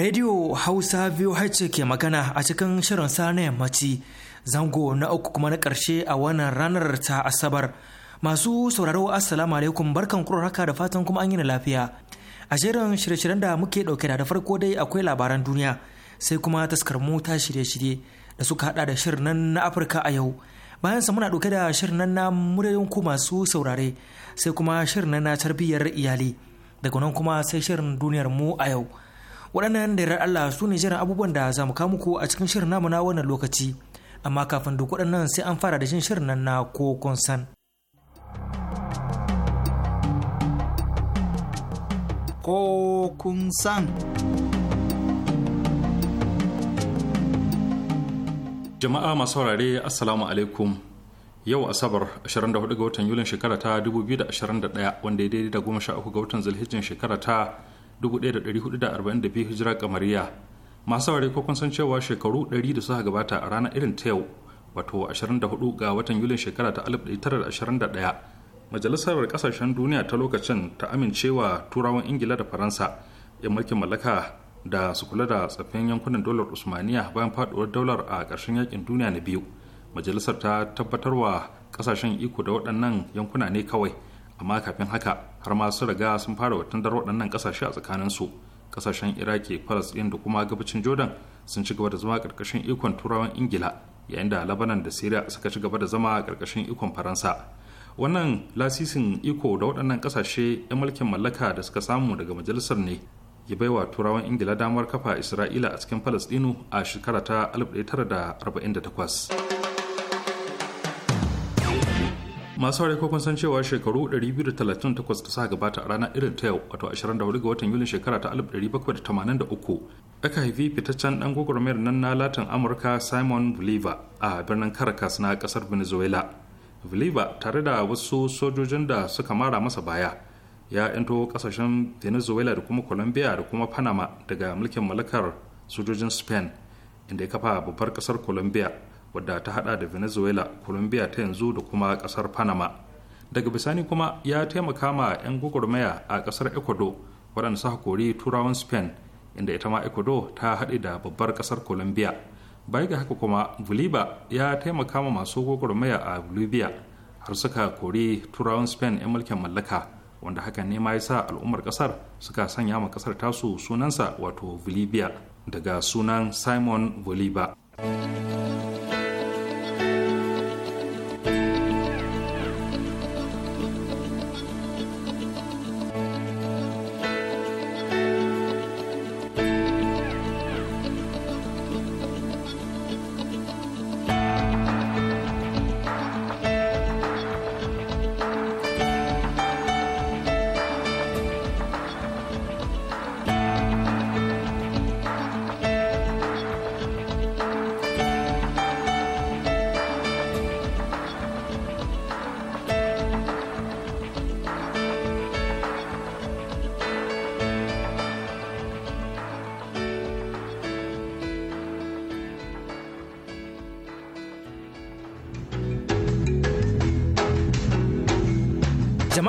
Radio Hausa VOH ke magana a cikin shirin sa na yammaci zango na uku kuma na ƙarshe a wannan ranar ta Asabar. Masu sauraro Assalamu alaikum barkan haka da fatan kuma an yi lafiya. A shirin shirye-shiryen da muke ɗauke da farko dai akwai labaran duniya sai kuma taskar mota shirye-shirye da suka haɗa da shirin nan na Afirka a yau. Bayan sa muna ɗauke da shirin nan na muryoyin ku masu saurare sai kuma shirin nan na tarbiyyar iyali daga nan kuma sai shirin duniyar mu a yau. waɗannan da Allah su ne jiran abubuwan da za mu kawo muku a cikin shirin namu na wannan lokaci amma kafin duk waɗannan sai an fara da jin shirin nan na ko san. Ko kun san. Jama'a masu saurare Assalamu alaikum yau asabar 24 ga watan yulin shekara ta 2021 wanda ya daidai da 13 ga watan zulhijjin shekara ta 1442 hijira kamariya masu saurari ko kun san cewa shekaru 100 da suka gabata a ranar irin ta yau wato 24 ga watan yulin shekara ta 1921 majalisar kasashen duniya ta lokacin ta amincewa turawan ingila da faransa yan mulkin mallaka da su kula da tsaffin yankunan dolar usmaniya bayan faduwar daular a ƙarshen yakin duniya na biyu majalisar ta tabbatarwa kasashen iko da waɗannan yankuna ne kawai amma kafin haka har ma su riga sun fara watandar waɗannan kasashe a tsakaninsu ƙasashen iraki palestine da kuma gabacin jordan sun ci gaba da zama karkashin ikon turawan ingila yayin da labanan da syria suka ci gaba da zama karkashin ikon faransa wannan lasisin iko da waɗannan ƙasashe 'yan mulkin mallaka da suka samu daga majalisar ne ya baiwa turawan ingila damar kafa isra'ila a cikin palestinu a shekara ta 1948 masu ko kun san cewa shekaru 238 da sa gabata a rana irin ta yau wato 24 ga watan yulin shekara ta 1783 aka haifi fitaccen dan gwagwarmayar nan na latin amurka simon bolivar a birnin caracas na kasar venezuela bolivar tare da wasu sojojin da suka mara masa baya ya yanto kasashen venezuela da kuma colombia da kuma panama daga mulkin mallakar sojojin spain inda ya kafa babbar kasar colombia wadda ta hada da venezuela colombia ta yanzu da kuma kasar panama daga bisani kuma ya taimaka ma 'yan gwagwarmaya a kasar ecuador waɗanda suka kori turawan spain inda ita ma ecuador ta haɗe da babbar kasar colombia baya ga haka kuma bolivia ya taimaka ma masu gwagwarmaya a bolivia har suka kori turawan spain 'yan mulkin mallaka wanda hakan ne ma ya sa al'ummar kasar suka sanya ma kasar tasu sunansa wato bolivia daga sunan simon voliva.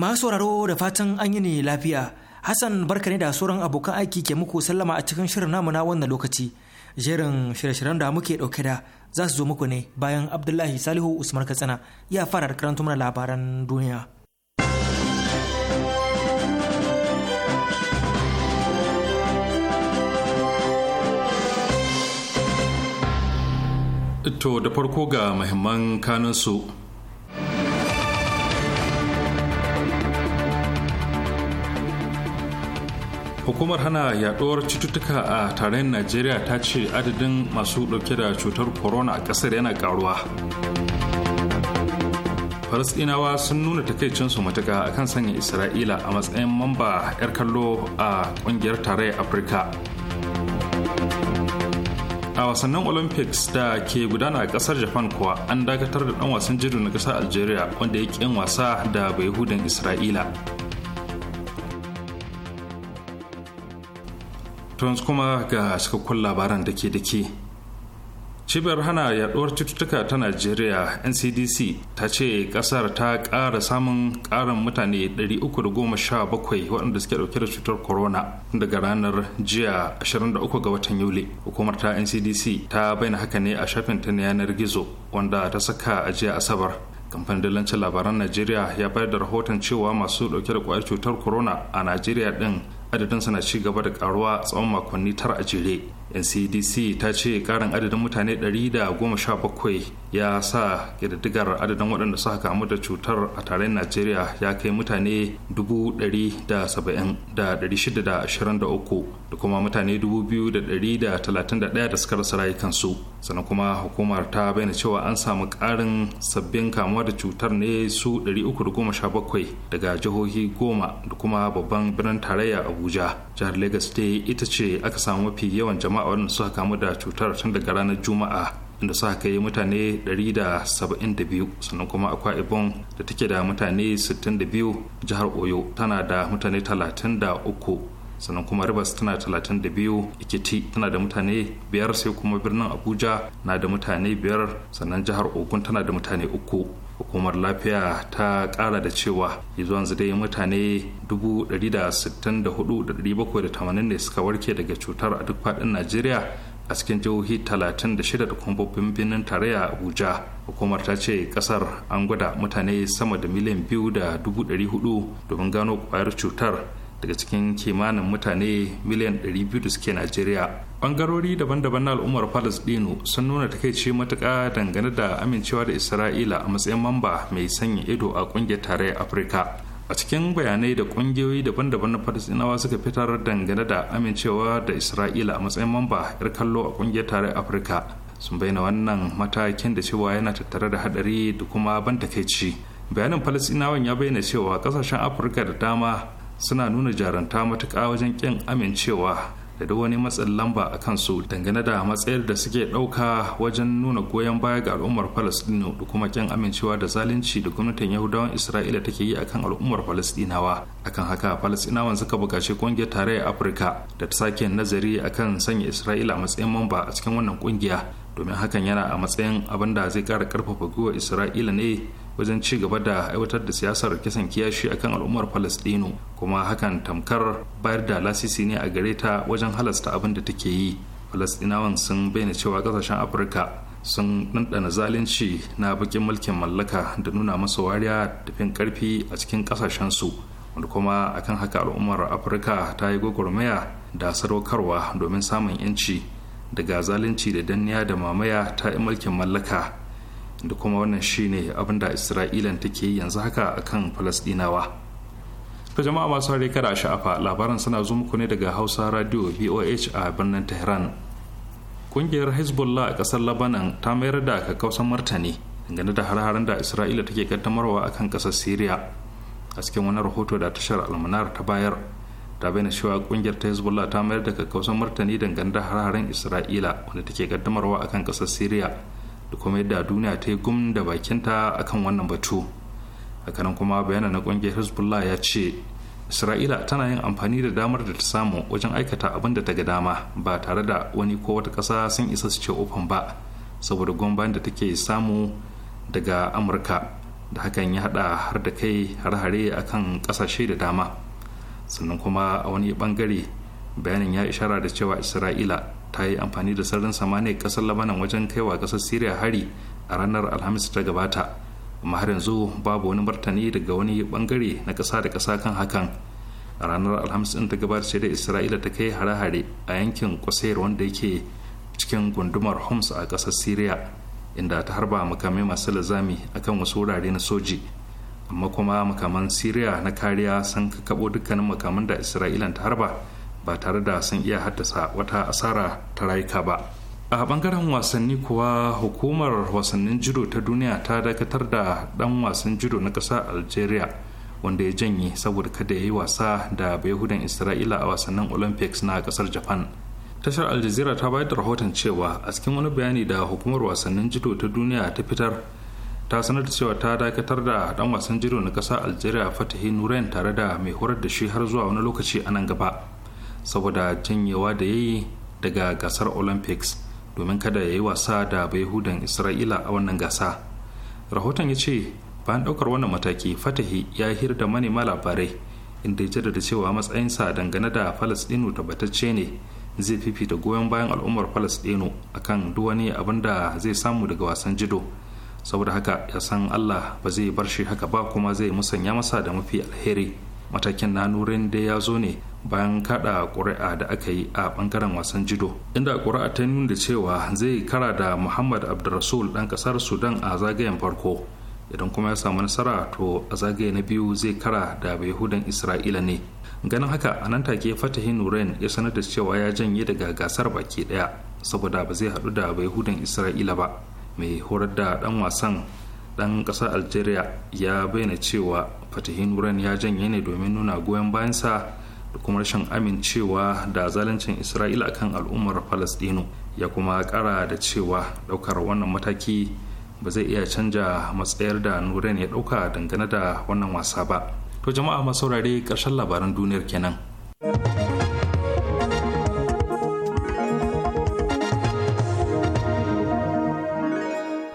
Masu sauraro da fatan an yi ne lafiya. Hassan barka ne da sauran abokan aiki ke muku sallama a cikin shirin namu na wannan lokaci. Jerin shirye-shiryen da muke ɗauke da za su zo muku ne bayan Abdullahi Salihu Usman Katsina ya fara da karanta mana labaran duniya. To da farko ga mahimman kanunsu. hukumar hana yaduwar cututtuka a tarayyar najeriya ta ce adadin masu dauke da cutar corona a kasar yana karuwa falasdinawa sun nuna takaicinsu matuka akan sanya isra'ila a matsayin mamba 'yar kallo a kungiyar tarayyar afirka a wasannin olympics da ke gudana a kasar japan kuwa an dakatar da dan wasan jiru na kasar algeria wanda ya yin wasa da bai isra'ila To kuma ga cikakkun labaran da ke da ke. Cibiyar hana yaduwar cututtuka ta Najeriya NCDC ta ce kasar ta ƙara samun ƙarin mutane 317 waɗanda suke ɗauke da cutar corona daga ranar jiya 23 ga watan Yuli. Hukumar ta NCDC ta bayyana haka ne a shafin ta na yanar gizo wanda ta saka a jiya Asabar. kamfanin dillancin labaran najeriya ya bayar da rahoton cewa masu ɗauke da kwayar cutar corona a najeriya din adadin sana ci gaba da karuwa tsawon makonni tara a jere ncdc ta ce karin adadin mutane 117 ya sa kididdigar adadin waɗanda suka kamu da cutar a tarayyar najeriya ya kai mutane 170,623 da kuma mutane 2,131 da suka rasa rayukansu sannan kuma hukumar ta bayyana cewa an samu ƙarin sabbin kamuwa da cutar ne su 317 daga jihohi goma da kuma babban birnin tarayya abuja jihar lagos ita ce aka samu mafi yawan jama'a jama'a waɗanda suka kamu da cutar tun daga ranar juma'a inda suka kai mutane 172 sannan kuma akwa ibon da take da mutane 62 jihar oyo tana da mutane 33 sannan kuma rivers tana 32 ikiti tana da mutane biyar sai kuma birnin abuja na da mutane biyar sannan jihar ogun tana da mutane uku hukumar lafiya ta kara da cewa yanzu yanzu dai mutane 164,780 ne suka warke daga cutar a duk faɗin najeriya a cikin jihohi 36 da kuma babban birnin tarayya abuja hukumar ta ce kasar an gwada mutane sama da miliyan biyu da domin gano kwayar cutar daga cikin kimanin mutane miliyan 200 da suke najeriya bangarori daban-daban na al'ummar dinu sun nuna takaici matuƙa dangane da amincewa da isra'ila a matsayin mamba mai sanya ido a ƙungiyar tarayyar afirka a cikin bayanai da ƙungiyoyi daban-daban na palestinawa suka fitar dangane da amincewa da isra'ila a matsayin mamba yar kallo a ƙungiyar tarayyar afirka sun bayyana wannan matakin da cewa yana tattare da hadari da kuma ban takaici bayanin Falasinawan ya bayyana cewa kasashen afirka da dama suna nuna jaranta matuƙa wajen ƙin amincewa da duk wani matsin lamba a kansu dangane da matsayar da suke ɗauka wajen nuna goyon baya ga al'ummar falasɗinu da kuma ƙin amincewa da zalunci da gwamnatin yahudawan isra'ila take yi akan al'ummar falastinawa akan haka falastinawan suka buƙaci ƙungiyar tarayyar afirka da ta sake nazari akan sanya isra'ila a matsayin mamba a cikin wannan ƙungiya domin hakan yana a matsayin abin da zai ƙara ƙarfafa gwiwar isra'ila ne wajen ci gaba da aiwatar da siyasar kisan kiyashi akan al'ummar palestino kuma hakan tamkar bayar da lasisi ne a gare ta wajen halasta abin da take yi palestinawan sun bayyana cewa kasashen afirka sun ɗanɗana zalunci na bakin mulkin mallaka da nuna masa wariya da fin karfi a cikin kasashensu wanda kuma akan haka al'ummar afirka ta yi gwagwarmaya da sadaukarwa domin samun yanci daga zalunci da danniya da mamaya ta yi mulkin mallaka da kuma wannan shine abin da isra'ilan take yi yanzu haka akan falasdinawa ta jama'a masu hari kada sha'afa labaran suna zo muku ne daga hausa radio voh a birnin tehran kungiyar hezbollah a kasar labanan ta mayar da kakkausan martani dangane da har-haren da isra'ila take kaddamarwa akan kasar syria a cikin wani rahoto da tashar almanar ta bayar ta bayyana cewa kungiyar ta hezbollah ta mayar da kakkausan martani dangane da har-haren isra'ila wanda take kaddamarwa akan kasar syria da kuma yadda duniya ta yi gum da bakinta a akan wannan batu hakanan kuma bayana na kungiyar hezbollah ya ce isra'ila tana yin amfani da damar da ta samu wajen aikata abin da ta ga dama ba tare da wani ko wata ƙasa sun isa su ce ofan ba saboda gwamban da take samu daga amurka da hakan ya hada har da kai har-hare kan ƙasashe da dama sannan kuma a wani bangare bayanin ya ishara da cewa isra'ila ta yi amfani da sararin samaniya kasar labanan wajen kaiwa kasar syria hari a ranar alhamis ta gabata amma har yanzu babu wani martani daga wani bangare na kasa da kasa kan hakan a ranar alhamis ta gabata sai da isra'ila ta kai hare-hare a yankin kwasayar wanda yake cikin gundumar homs a kasar syria inda ta harba makamai masu lazami akan wasu wurare na soji amma kuma makaman syria na kariya sun kakabo dukkanin makaman da isra'ila ta harba ba tare da sun iya haddasa wata asara ta rayuka ba a bangaren wasanni kuwa hukumar wasannin judo ta duniya ta dakatar da dan wasan judo na ƙasa algeria wanda ya janye saboda kada ya yi wasa da bayahudan isra'ila a wasannin olympics na ƙasar japan tashar aljazeera ta bayar da rahoton cewa a cikin wani bayani da hukumar wasannin judo ta duniya ta fitar ta sanar da cewa ta dakatar da dan wasan judo na ƙasar algeria fatahi nuren tare da mai horar da shi har zuwa wani lokaci a nan gaba saboda janyewa da ya yi daga gasar olympics domin kada ya yi wasa da bayahudan isra'ila a wannan gasa rahoton ya ce bayan daukar wannan mataki fatahi ya hir da manema labarai inda ya jaddada cewa matsayinsa dangane da falasɗinu tabbatacce ne zai fifita goyon bayan al'ummar falasɗinu akan duk wani abin da zai samu daga wasan jido saboda haka ya san allah ba zai bar shi haka ba kuma zai musanya masa da mafi alheri matakin na nurin da ya zo ne bayan kada ƙuri'a da aka yi a ɓangaren wasan jido inda ƙuri'a ta nuna da cewa zai kara da muhammad abdulrasul ɗan ƙasar sudan a zagayen farko idan kuma ya samu nasara to a zagaye na biyu zai kara da yahudan isra'ila ne ganin haka a nan take fatahi nuren ya sanar da cewa ya janye daga gasar baki ɗaya saboda ba zai haɗu da hudan isra'ila ba mai horar da ɗan wasan ɗan ƙasar algeria ya bayyana cewa fatahi nuren ya janye ne domin nuna goyon bayansa kuma rashin amincewa da zaluncin isra'ila kan al'ummar palestino ya kuma kara da cewa daukar wannan mataki ba zai iya canja matsayar da nuren ya dauka dangane da wannan wasa ba to jama'a masaurare ƙarshen labaran duniyar kenan.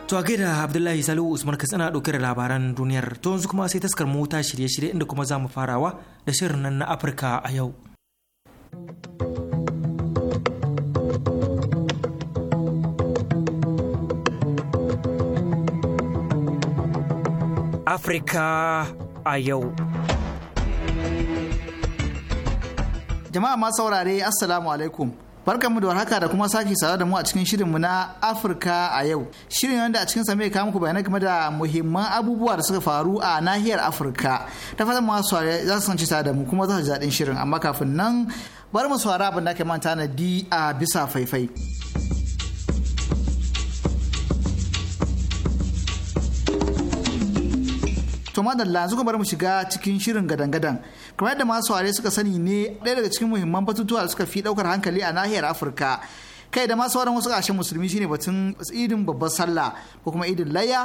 To a gaida Abdullahi Salihu Usman Katsina ɗauke da labaran duniyar to yanzu kuma sai taskar mota shirye-shirye inda kuma za mu farawa da shirin nan na Afirka a yau. Afirka a yau. Jama'a masu saurare Assalamu alaikum. barkan mu da warhaka da kuma sake sawa da mu a cikin shirin mu na Afirka a yau. Shirin wanda a cikin sa mai kawo muku bayanai game da muhimman abubuwa da suka faru a nahiyar Afirka. Ta fatan masu saurare za su sanci da mu kuma za su ji daɗin shirin amma kafin nan bar mu saurara abin da aka manta na di a bisa faifai. To madalla suka bar mu shiga cikin shirin gadan-gadan. Kamar yadda masu ware suka sani ne ɗaya daga cikin muhimman batutuwa da suka fi ɗaukar hankali a nahiyar Afirka. Kai da masu wasu ƙasashen musulmi shine batun idin babbar sallah ko kuma idin layya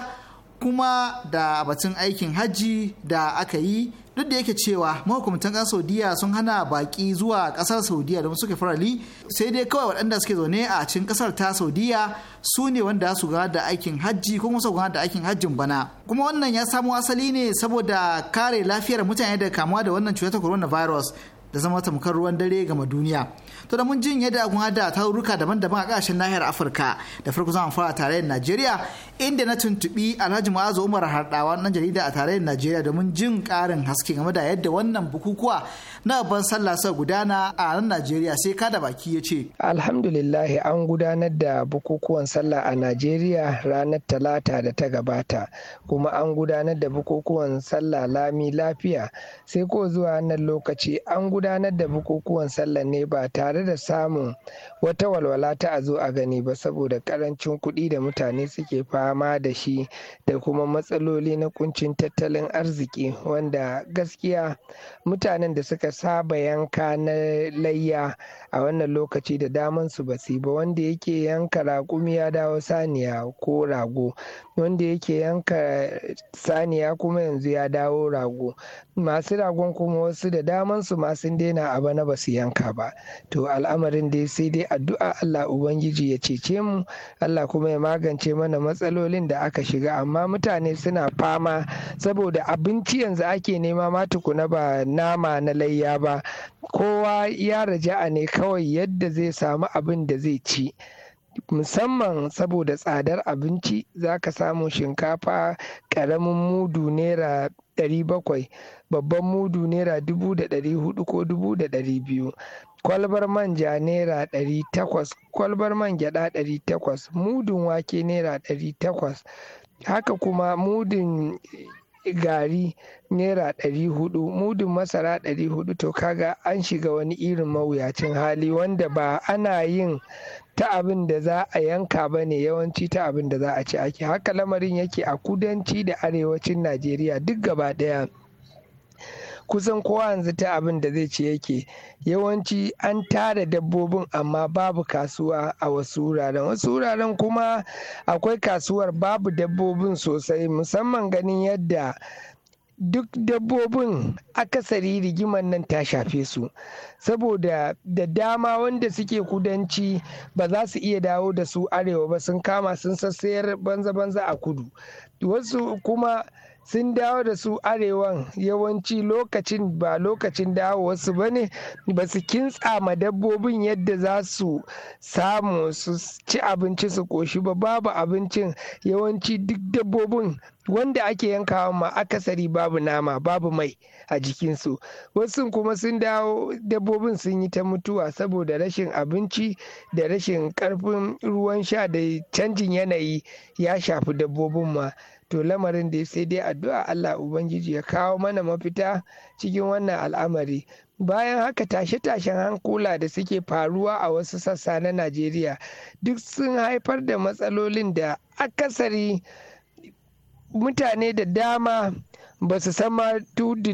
kuma da batun aikin hajji da aka yi duk da yake cewa mahukumtan ƙasar saudiya sun hana baƙi zuwa ƙasar saudiya don suke farali sai dai kawai waɗanda suke zaune a cikin ƙasar ta saudiya su ne wanda su gana da aikin hajji ko kuma su gana da aikin hajjin bana kuma wannan ya samo asali ne saboda kare lafiyar mutane da kamuwa da wannan cutar coronavirus da zama tamkar ruwan dare game duniya to da mun jin yadda kun hada ruka daban-daban a kasashen nahiyar afirka da farko zan fara da najeriya inda na tuntubi alhaji mu'azu umar hardawa nan jarida a da najeriya domin jin karin haske game da yadda wannan bukukuwa na babban sallah sa gudana a nan najeriya sai ka da baki ya ce alhamdulillah an gudanar da bukukuwan sallah a najeriya ranar talata da ta gabata kuma an gudanar da bukukuwan sallah lami lafiya sai ko zuwa nan lokaci an gudanar da bukukuwan sallah ne ba tare tare da samun wata walwala ta a zo a gani ba saboda karancin kuɗi da mutane suke fama da shi da kuma matsaloli na kuncin tattalin arziki wanda gaskiya mutanen da suka saba yanka na layya a wannan lokaci da daman su ba ba wanda yake yanka raƙumi ya dawo saniya ko rago wanda yake yanka saniya kuma yanzu ya dawo rago masu ragon kuma wasu da daman su ma sun daina a na basu yanka ba to to al'amarin dai sai dai addu'a Allah ubangiji ya cece mu Allah kuma ya magance mana matsalolin da aka shiga amma mutane suna fama saboda abinci yanzu ake nema ma tukuna ba nama na layya ba kowa ya raja'a ne kawai yadda zai samu abin da zai ci musamman saboda tsadar abinci za ka samu shinkafa ƙaramin mudu naira 700 babban mudu naira dubu da ɗari hudu ko dubu da ɗari biyu kwalbar manja naira ɗari takwas kwalbar man gyaɗa ɗari takwas mudun wake naira ɗari takwas haka kuma mudun gari naira ɗari hudu mudun masara ɗari hudu to kaga an shiga wani irin mawuyacin hali wanda ba ana yin ta abin da za a yanka ba ne yawanci ta abin da za a ci ake haka lamarin yake a kudanci da arewacin najeriya duk gaba ɗaya kusan kowa yanzu ta abin da zai ce yake yawanci an tara dabbobin amma babu kasuwa a wasu wuraren wasu wuraren kuma akwai kasuwar babu dabbobin sosai musamman ganin yadda duk dabbobin akasari rigimar nan ta shafe su saboda da dama wanda suke kudanci ba za su iya dawo da su arewa ba sun kama sun sassayar banza-banza a kudu wasu kuma sun dawo da su arewan yawanci lokacin ba lokacin dawowarsu ba ne ba su kintsa ma dabbobin yadda za su samu su ci abinci su koshi ba babu abincin yawanci duk dabbobin wanda ake yankawa ma akasari babu nama babu mai a jikinsu wasu kuma sun dawo dabbobin sun yi ta mutuwa saboda rashin abinci da rashin karfin ruwan sha da canjin yanayi ya shafi dabbobin ma to lamarin dai-dai, sai dai addu'a Allah Ubangiji ya kawo mana mafita cikin wannan al'amari bayan haka tashe-tashen hankula da suke faruwa a wasu sassa na Najeriya duk sun haifar da matsalolin da akasari mutane da dama ba su san ma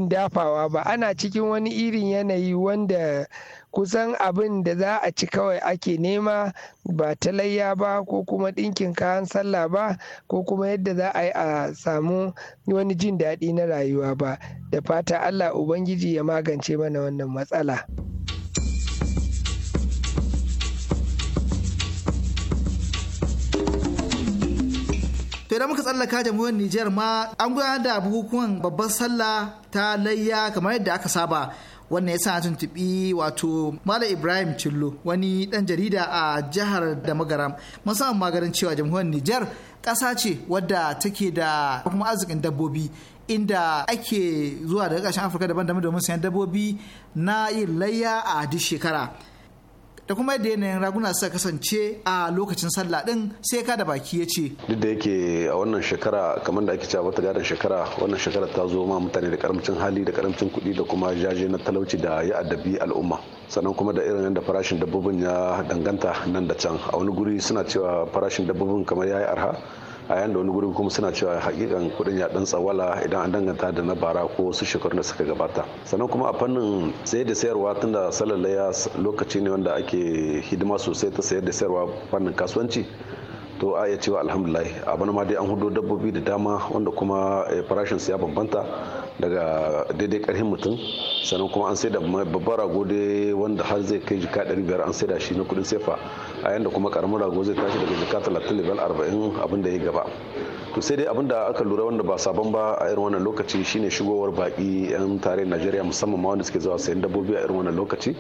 dafawa ba ana cikin wani irin yanayi wanda kusan abin da za a ci kawai ake nema ba ta ba ko kuma ɗinkin kayan sallah ba ko kuma yadda za a yi a samu wani jin daɗi na rayuwa ba da fata allah ubangiji ya magance mana wannan matsala. to idan muka tsallaka jamhuriyar Nijar ma an gudanar da bukukuwan babbar sallah ta layya kamar yadda aka saba wannan ya sa tuntuɓi wato Malam Ibrahim Cillo wani ɗan jarida a jihar da magaram musamman magarin cewa jamhuriyar Nijar ƙasa ce wadda take da kuma arzikin dabbobi inda ake zuwa daga ƙasashen Afirka daban-daban domin sayan dabbobi na yin layya a duk shekara. da kuma yadda yanayin raguna suka kasance a lokacin sallah din sai ka da baki ya ce duk da yake a wannan shekara kamar da ake cewa ta gadon shekara wannan shekara ta zo ma mutane da karamcin hali da karamcin kuɗi da kuma jaje na talauci da ya addabi al'umma sannan kuma da irin yadda farashin dabbobin ya danganta nan da can a wani guri suna cewa farashin dabbobin kamar ya yi arha a yayin da wani gurin kuma suna cewa hakikan kudin ya dan tsawala idan an danganta da na bara ko wasu shekarun da suka gabata sannan kuma a fannin sayar da sayarwa tunda salon laya lokaci ne wanda ake hidima sosai ta sayar da sayarwa fannin kasuwanci to a iya cewa alhamdulahi abin ma dai an hudo dabbobi da dama wanda kuma eh, farashin su ya bambanta daga daidai karhin mutum sannan kuma an sai da babbar rago dai wanda har zai kai jika 500 an sai da shi na kudin sefa a da kuma karamin rago zai tashi daga jika talatin level arba'in abin da ya gaba to sai dai abin da aka lura wanda ba sabon ba a irin wannan lokaci shine shigowar baki yan tarayyar najeriya musamman ma wanda suke zuwa sayan dabbobi a irin wannan lokaci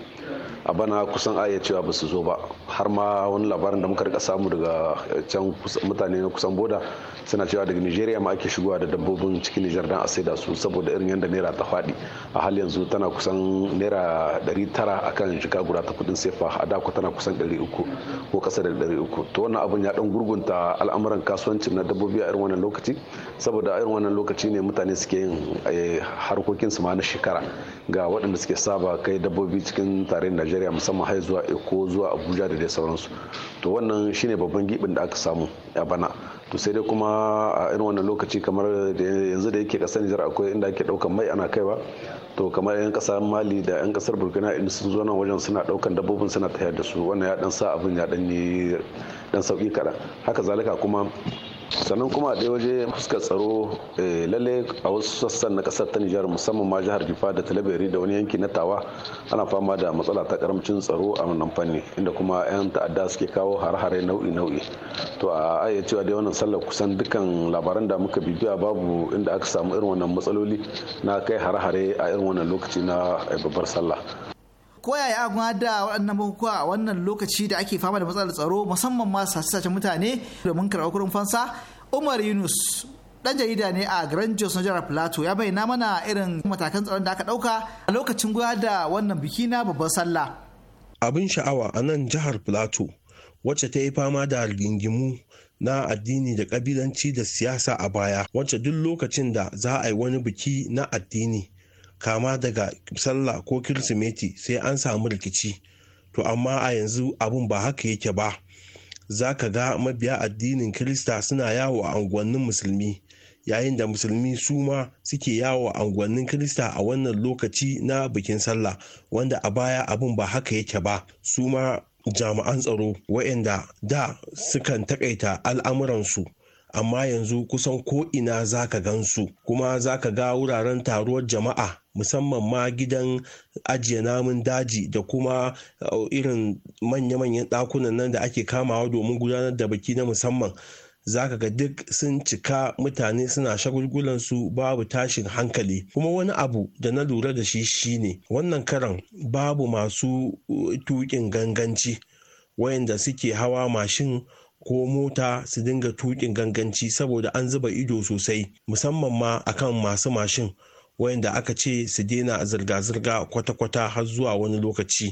a bana kusan aya cewa ba su zo ba har ma wani labarin da muka rika samu daga can mutane na kusan boda suna cewa daga nigeria ma ake shigowa da dabbobin cikin nijar dan a saida su saboda irin yadda naira ta faɗi a hal yanzu tana kusan naira 900 akan shiga guda ta kudin sefa a da tana kusan 300 ko kasa da ɗari uku to wannan abun ya ɗan gurgunta al'amuran kasuwancin na dabbobi a irin wannan lokaci saboda a irin wannan lokaci ne mutane suke yin eh, harkokin su ma na shekara ga waɗanda suke saba kai dabbobi cikin tarihin najeriya musamman har zuwa eko zuwa abuja da dai sauransu to wannan shine babban gibin da aka samu a bana to sai dai kuma a irin wannan lokaci kamar yanzu da yake kasar Nijar akwai inda ake daukan mai ana kaiwa to kamar yan kasar Mali da yan kasar Burkina in sun zo nan wajen suna daukan dabbobin suna tayar da su wannan ya dan sa abin ya dan yi dan sauki kada haka zalika kuma sannan kuma a ɗaya waje fuskar tsaro eh, lalle a wasu sassan na ƙasar ta nijar musamman ma jihar jifa da talabiri da wani yanki na tawa ana fama da matsala ta karamcin tsaro a wannan fanni inda kuma 'yan ta'adda suke kawo har-hare nau'i-nau'i to a ayyar cewa dai wannan sallar kusan dukkan labaran da muka bibiya babu inda aka samu irin wannan matsaloli na kai har-hare a irin wannan lokaci na eh, babbar sallah Koya ya gwa da waɗannan bukukuwa a wannan lokaci da ake fama da matsalar tsaro musamman ma sace mutane domin karɓar kurin fansa umar yunus ɗan jarida ne a Grand Jos na jihar Plateau ya bayyana mana irin matakan tsaron da aka dauka a lokacin gwa da wannan biki na babban sallah. Abin sha'awa a nan jihar Plateau wacce ta yi fama da rigingimu na addini da kabilanci da siyasa a baya wacce duk lokacin da za a yi wani biki na addini kama daga sallah ko kirsimeti sai an samu rikici to amma a yanzu abun ba haka yake ba za ka ga mabiya addinin kirista suna yawo a unguwannin musulmi yayin da musulmi su ma suke yawo a unguwannin kirista a wannan lokaci na bikin sallah wanda a baya abun ba haka yake ba su ma jami'an tsaro waɗanda da sukan takaita al'amuransu amma yanzu kusan ko'ina za ka gan su, kuma za ka ga wuraren taruwar jama'a musamman ma gidan ajiye namun daji da kuma uh, irin manya-manyan ɗakunan nan da ake kamawa domin gudanar da baki na musamman Za ka ga duk sun cika mutane suna shagulgulan su babu tashin hankali kuma wani abu da na lura da shi shi ne. wannan karan babu masu uh, tuƙin ganganci wayanda suke hawa mashin ko mota su dinga tukin ganganci saboda an zuba ido sosai musamman ma akan masu mashin wayanda aka ce su daina zirga-zirga kwata-kwata har zuwa wani lokaci.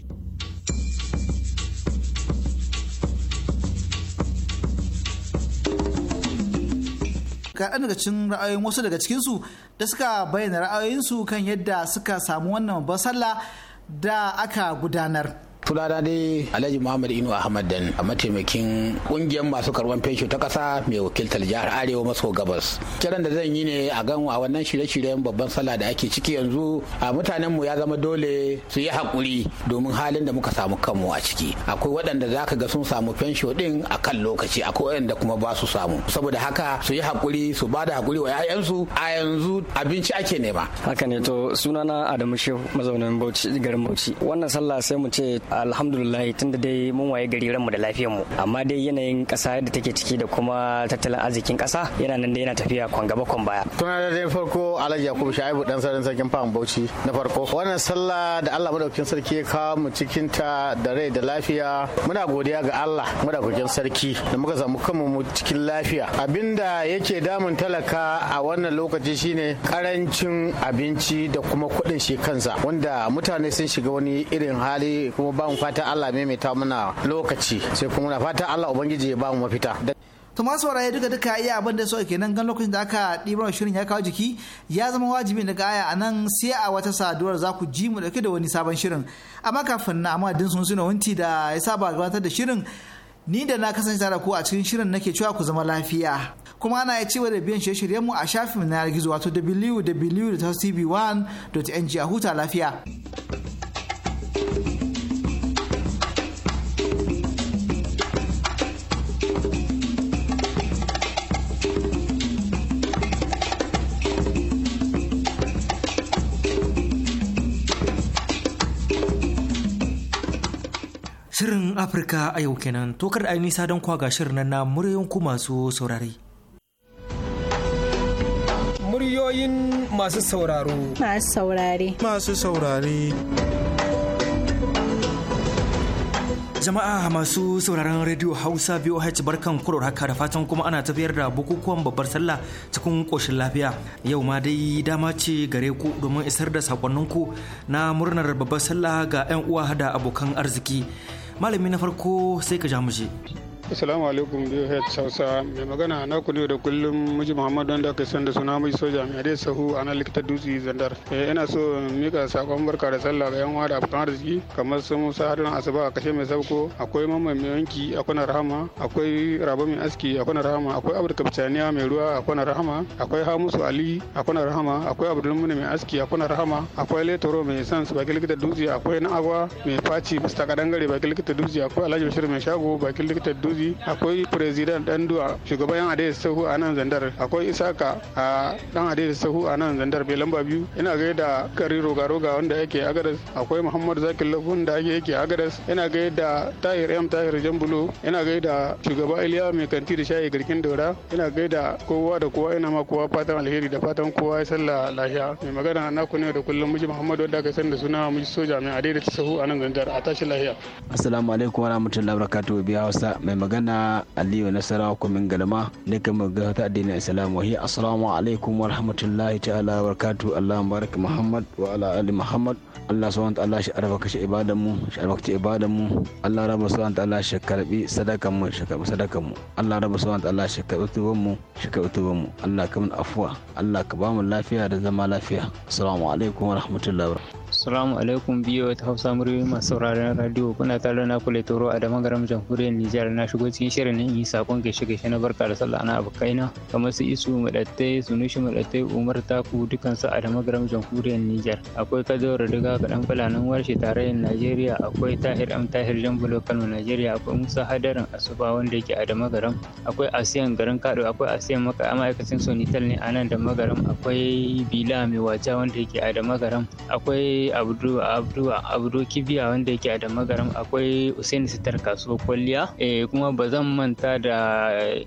ɗan daga cikin ra'ayoyin wasu daga cikinsu da suka bayyana ra'ayoyinsu kan yadda suka samu wannan basalla da aka gudanar. sunana dai alhaji muhammad inu ahmad dan a mataimakin kungiyar masu karban fensho ta kasa mai wakiltar jihar arewa maso gabas kiran da zan yi ne a gan a wannan shirye-shiryen babban sallah da ake ciki yanzu a mutanen mu ya zama dole su yi hakuri domin halin da muka samu kanmu a ciki akwai waɗanda za ka ga sun samu fensho din a kan lokaci akwai waɗanda kuma ba su samu saboda haka su yi hakuri su ba da hakuri wa 'ya'yansu a yanzu abinci ake nema haka ne to sunana adamu shehu mazaunin bauchi garin bauchi wannan sallah sai mu ce alhamdulillah tunda dai mun waye gari ranmu da lafiyar mu amma dai yanayin kasa da take ciki da kuma tattalin arzikin kasa yana nan da yana tafiya kwan gaba kwan baya tuna da dai farko alhaji yakubu shaibu dan sarin sarkin fam bauchi na farko wannan sallah da Allah madaukakin sarki ya kawo mu cikin ta da rai da lafiya muna godiya ga Allah madaukakin sarki da muka samu kanmu mu cikin lafiya abinda yake damun talaka a wannan lokaci shine karancin abinci da kuma kuɗin shi kansa wanda mutane sun shiga wani irin hali kuma ba ba mu fatan Allah maimaita muna lokaci sai kuma muna fatan Allah ubangiji ya ba mu mafita to duka duka iya abin da so kenan gan lokacin da aka ɗibar shirin ya kawo jiki ya zama wajibi daga aya a nan sai a wata saduwar za ku ji mu dauke da wani sabon shirin amma kafin na amma din sun suna wunti da ya saba gabatar da shirin ni da na kasance da ku a cikin shirin nake cewa ku zama lafiya kuma ana ya cewa da biyan shirye mu a shafin na gizo wato www.tv1.ng a huta lafiya. Shirin Afirka a yau kenan to kar ai nisa don ga shirin nan na muryoyin ku masu saurare. Muryoyin masu sauraro. Masu saurare. Masu saurare. Jama'a masu sauraron Radio Hausa VOH barkan kurar haka da fatan kuma ana tafiyar da bukukuwan babbar sallah cikin koshin lafiya. Yau ma dai dama ce gare ku domin isar da sakonninku na murnar babbar sallah ga 'yan uwa da abokan arziki. malamin na farko sai ka ja mu shi Assalamu alaikum biyu head sausa mai magana na ku ne da kullum miji Muhammad wanda aka san da suna mai soja mai dai sahu a nan likita dutse zandar. Eh, ina so mika sakon barka da sallah ga yan uwa da abokan arziki kamar su Musa harin Asuba a kashe mai sabko akwai mamman mai yanki a kwana rahama akwai Rabo mai aski a kwana rahama akwai Abdul Kabtaniya mai ruwa a kwana rahama akwai hamusu Ali a kwana rahama akwai abu Muni mai aski a kwana rahama akwai Letoro mai sans baki likita dutse akwai na agwa mai faci mista Kadangare baki likita dutse akwai Alhaji Bashir mai shago baki likita dutse turji akwai Firezidan danduwa shugaban yan adai sahu a nan zandar akwai isaka a dan adai sahu a nan zandar bai lamba biyu ina gai da kari roga roga wanda yake agadas akwai muhammad zakir lagun da yake agadas ina gai da tahir m tahir jambulo ina gai da shugaba iliya mai kanti da shayi garkin Dora, ina gai da kowa da kowa ina ma kowa fatan alheri da fatan kowa ya sallah lafiya mai magana na ku ne da kullum miji muhammad wanda aka sani da suna miji soja mai adai da sahu a nan zandar a tashi lafiya assalamu alaikum wa rahmatullahi wa barakatuhu biya hausa mai magana aliyu nasara kumin galma ne kamar ga ta addinin islam wahi assalamu alaikum wa rahmatullahi ta'ala wa barakatuh allah mubarak muhammad wa ala ali muhammad allah subhanahu ta'ala shi arfaka shi ibadan mu shi ibadan mu allah subhanahu ta'ala shi karbi sadakan mu shi karbi sadakan mu allah subhanahu ta'ala shi karbi tuban mu shi karbi tuban mu allah ka mun allah ka ba mu lafiya da zama lafiya assalamu alaikum wa rahmatullahi wa barakatuh alaikum biyo ta Hausa muryoyi masu sauraron radio kuna tare na kule toro a jamhuriyar Nijar na shigo cikin shirin nan yi sakon gaishe gaishe na barka da sallah na abokaina kamar su isu madatte sunushi madatte umar taku dukan su a garam jamhuriyar niger akwai kadawar riga kadan dan fulanin warshe tarayyar najeriya akwai tahir am tahir bulo, kano najeriya akwai musa hadarin asuba wanda yake a garam. akwai asiyan garin kado akwai asiyan maka ma'aikacin sonitel ne a nan da magaram akwai bila mai wata wanda yake adama garam. akwai abdu abdu abdu kibiya wanda yake adama garam. akwai usaini sitar kasuwar kwalliya eh, kuma kuma ba zan manta da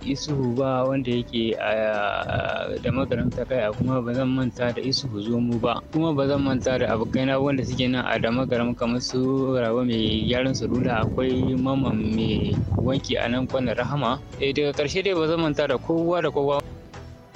isuhu ba wanda yake da makaranta kai kuma ba zan manta da isuhu zomu ba kuma ba zan manta da abokaina wanda suke nan a da magaram kamar su rawa mai gyaran salula akwai mama mai wanki a nan kwana rahama eh daga karshe dai ba zan manta da kowa da kowa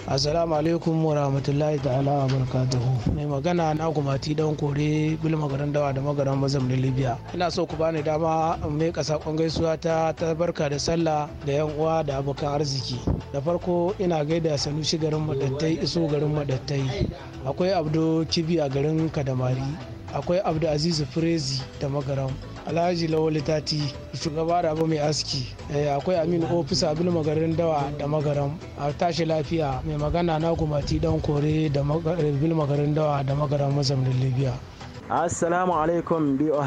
assalamu alaikum wa rahmatullahi ta'ala wa barakatuhu mai magana na gumati don kore bil magaran dawa da magaran mazam libya ina so ku bani dama in mai kasa gaisuwa ta barka da sallah da yan uwa da abokan arziki da farko ina gaida sanushi garin madattai iso garin madattai akwai abdo kibi a garin kadamari akwai abdulaziz firezi da magaram alhaji lawali tati shugaba da abu mai aski eh, akwai aminu ofisa abin magarin dawa da magaram a tashi lafiya mai magana na gumati dan kore da bil magarin dawa da magaram mazaunin libya assalamu alaikum boh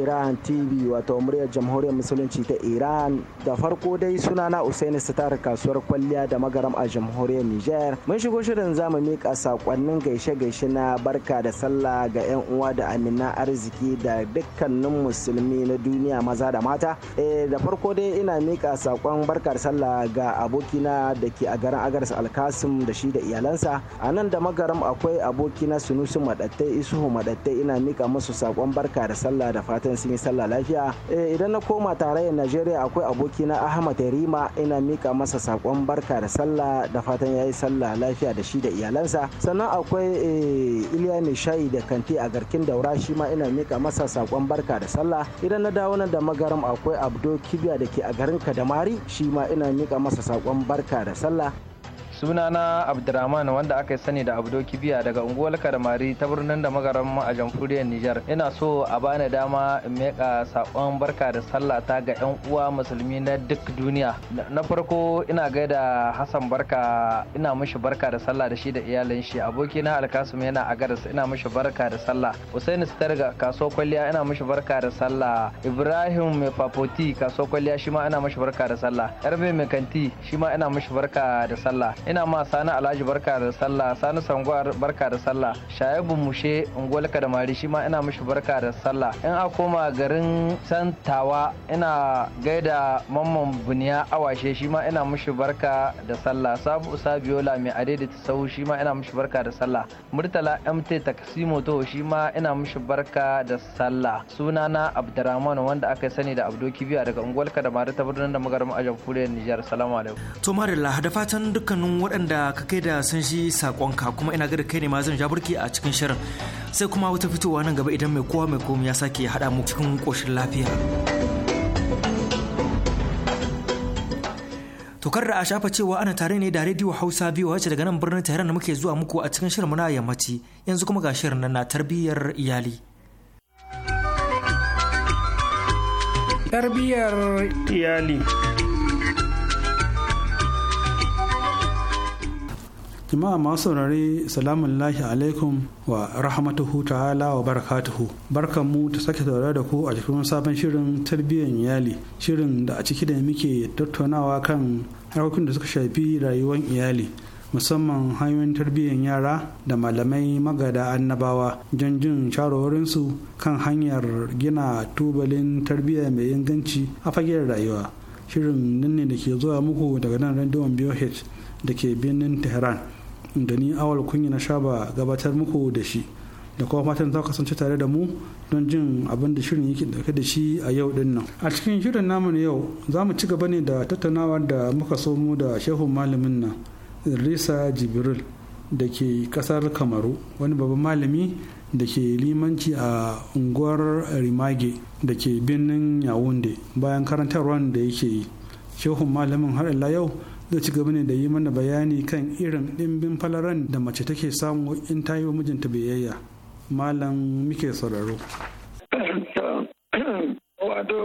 iran tv wato muryar jamhuriyar musulunci ta iran da farko dai suna na usaini sitar kasuwar kwalliya da magaram a jamhuriyar niger mun shigo shirin zamu mika sakonnin gaishe-gaishe na barka da sallah ga yan uwa da amina arziki da dukkanin musulmi na duniya maza da mata e, da farko dai ina mika sakon barka da sallah ga abokina da ke a garin agarsa alkasim da shi da iyalansa a nan da magaram akwai abokina sunusu madattai isuhu maɗattai ina mika musu sakon barka da sallah da fatan sun yi sallah lafiya eh, idan na koma tarayyar najeriya akwai abokina ahmad rima ina mika masa sakon barka da sallah da fatan ya yi sallah lafiya da shi da iyalansa sannan akwai eh, iliya mai shayi da kanti a garkin daura shi ma ina mika masa sakon barka da sallah idan na dawo nan da magaram akwai Abdul kibiya da ke a garin kadamari shi ma ina mika masa sakon barka da sallah sunana abdurrahman wanda aka sani da abdo kibiya daga unguwar kadamari ta birnin da magaran a jamhuriyar nijar ina so a bani dama in meka sakon barka da sallah ta ga yan uwa musulmi na duk duniya na farko ina gaida hassan barka ina mishi barka da sallah da shi da iyalin shi aboki na alkasum yana a ina mishi barka da sallah usaini starga kaso kwalliya ina mishi barka da sallah ibrahim mai fafoti kaso kwalliya shi ma ina mishi barka da sallah yarbe mai kanti shi ina mishi barka da sallah ina ma sani alhaji barka da sallah sani sangwar barka da sallah shayabu mushe ungolka da mari shi ma ina mishi barka da sallah in a koma garin santawa ina gaida mamman buniya awashe shi ma ina mishi barka da sallah sabu sabiola mai ta sahu shi ma ina mishi barka da sallah murtala mt taksimo to shi ma ina mishi barka da sallah sunana abdurrahman wanda aka sani da abdo kibiya daga ungolka da mari ta birnin da magarin a jamhuriyar nijar salamu alaikum to marilla da fatan dukkanin waɗanda ka kai da san shi saƙonka kuma ina gada kai ne ma zan ja burki a cikin shirin sai kuma wata fitowa nan gaba idan mai kowa mai komi ya sake haɗa mu cikin ƙoshin lafiya. Tokar da a shafa cewa ana tare ne da rediyo Hausa biyu wacce daga nan birnin tare da muke zuwa muku a cikin shirin na yammaci yanzu kuma ga shirin na tarbiyyar iyali. Tarbiyyar iyali. jama'a masu saurare salamun lahi alaikum wa rahmatuhu ta'ala wa barakatuhu barkan mu ta sake saurare da ku a cikin sabon shirin tarbiyyar iyali shirin da a ciki da muke tattaunawa kan harkokin da suka shafi rayuwar iyali musamman hanyoyin tarbiyyar yara da malamai magada annabawa jan jin su kan hanyar gina tubalin tarbiyya mai inganci a fagen rayuwa shirin nan ne da ke zuwa muku daga nan rediyon BOH da ke birnin tehran da ni awal kunyi na shaba gabatar muku da shi da kuma fatan za kasance tare da mu don jin abin da shirin yake dauke da shi a yau din nan a cikin shirin namu na yau za mu ci gaba ne da tattaunawa da muka somu da shehun malamin nan risa jibril da ke kasar kamaru wani babban malami da ke limanci a unguwar rimage da ke birnin yawon bayan karantarwar da yake yi shehun malamin har ila yau zai ci gaba ne da yi mana bayani kan irin ɗimbin falaran da mace take samu in ta yi wa mijinta biyayya malam muke sauraro wato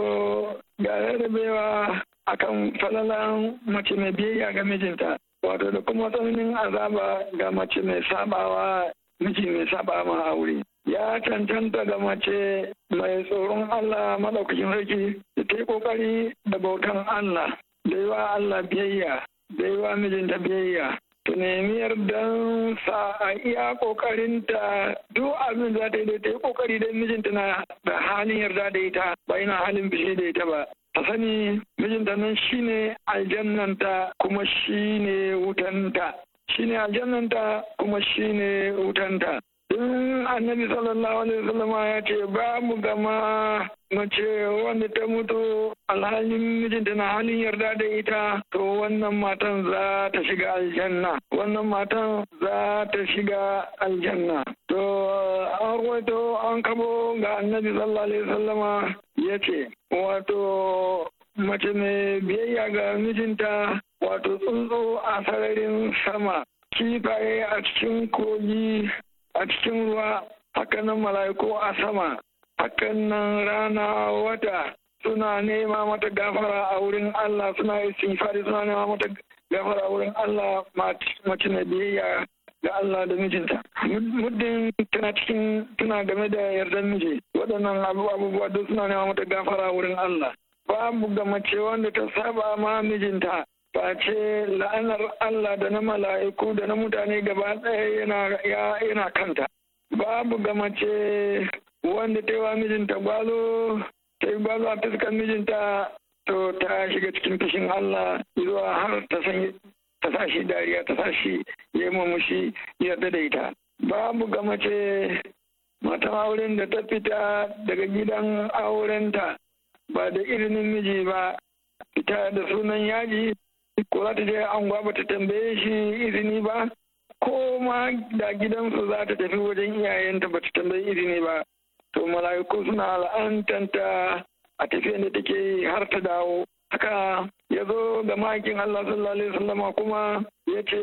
gare da bewa akan falalan mace mai biyayya ga mijinta wato da kuma tsananin azaba ga mace mai sabawa miji mai saba ma aure ya cancanta da mace mai tsoron Allah madaukakin sarki da ta yi kokari da bautan Allah da yi wa Allah biyayya da ba mijinta biyayya ta nemi yardansa a iya kokarinta duk abin za ta yi ta yi kokari da mijinta na da halin yarda da ita ba ina halin bishe da ita ba ta sani mijinta nan shine aljannanta kuma shine wutanta shine aljannanta kuma shine wutanta annabi sallallahu alaihi wasallam ya ce ba mu gama mace wanda ta mutu alhalin mijinta na halin yarda da ita to wannan matan za ta shiga aljanna wannan matan za ta shiga aljanna to an wato an kabo ga annabi sallallahu alaihi wasallama ya ce wato mace mai biyayya ga mijinta wato tsuntsu a sararin sama kifaye a cikin kogi a cikin ruwa hakanan mala'iku a sama hakanan rana wata suna nema mata gafara a wurin Allah suna istighfari suna nema mata gafara a wurin Allah mace na biyayya ga Allah da mijinta muddin tana cikin tana game da yardan miji waɗannan abubuwa duk suna nema mata gafara a wurin Allah babu ga mace wanda ta saba ma mijinta face la'anar Allah da na mala'iku da na mutane gaba ɗaya yana kanta. Babu ga mace wanda ta wa mijinta gwalo, ta yi gwalo a fuskar mijinta to ta shiga cikin fushin Allah zuwa har ta sa shi dariya ta sa shi ya mamushi ya da ita. Babu ga mace mata auren da ta fita daga gidan aurenta ba da izinin miji ba, fita da sunan yaji ko ta je anguwa bata ta tambaye shi izini ba ko ma da gidansu za ta tafi wajen iyayenta ba ta tambayi izini ba to mala'iku suna la'antanta a tafiya da take har ta dawo haka ya zo ga makin Allah sallallahu alaihi wasallama kuma ya ce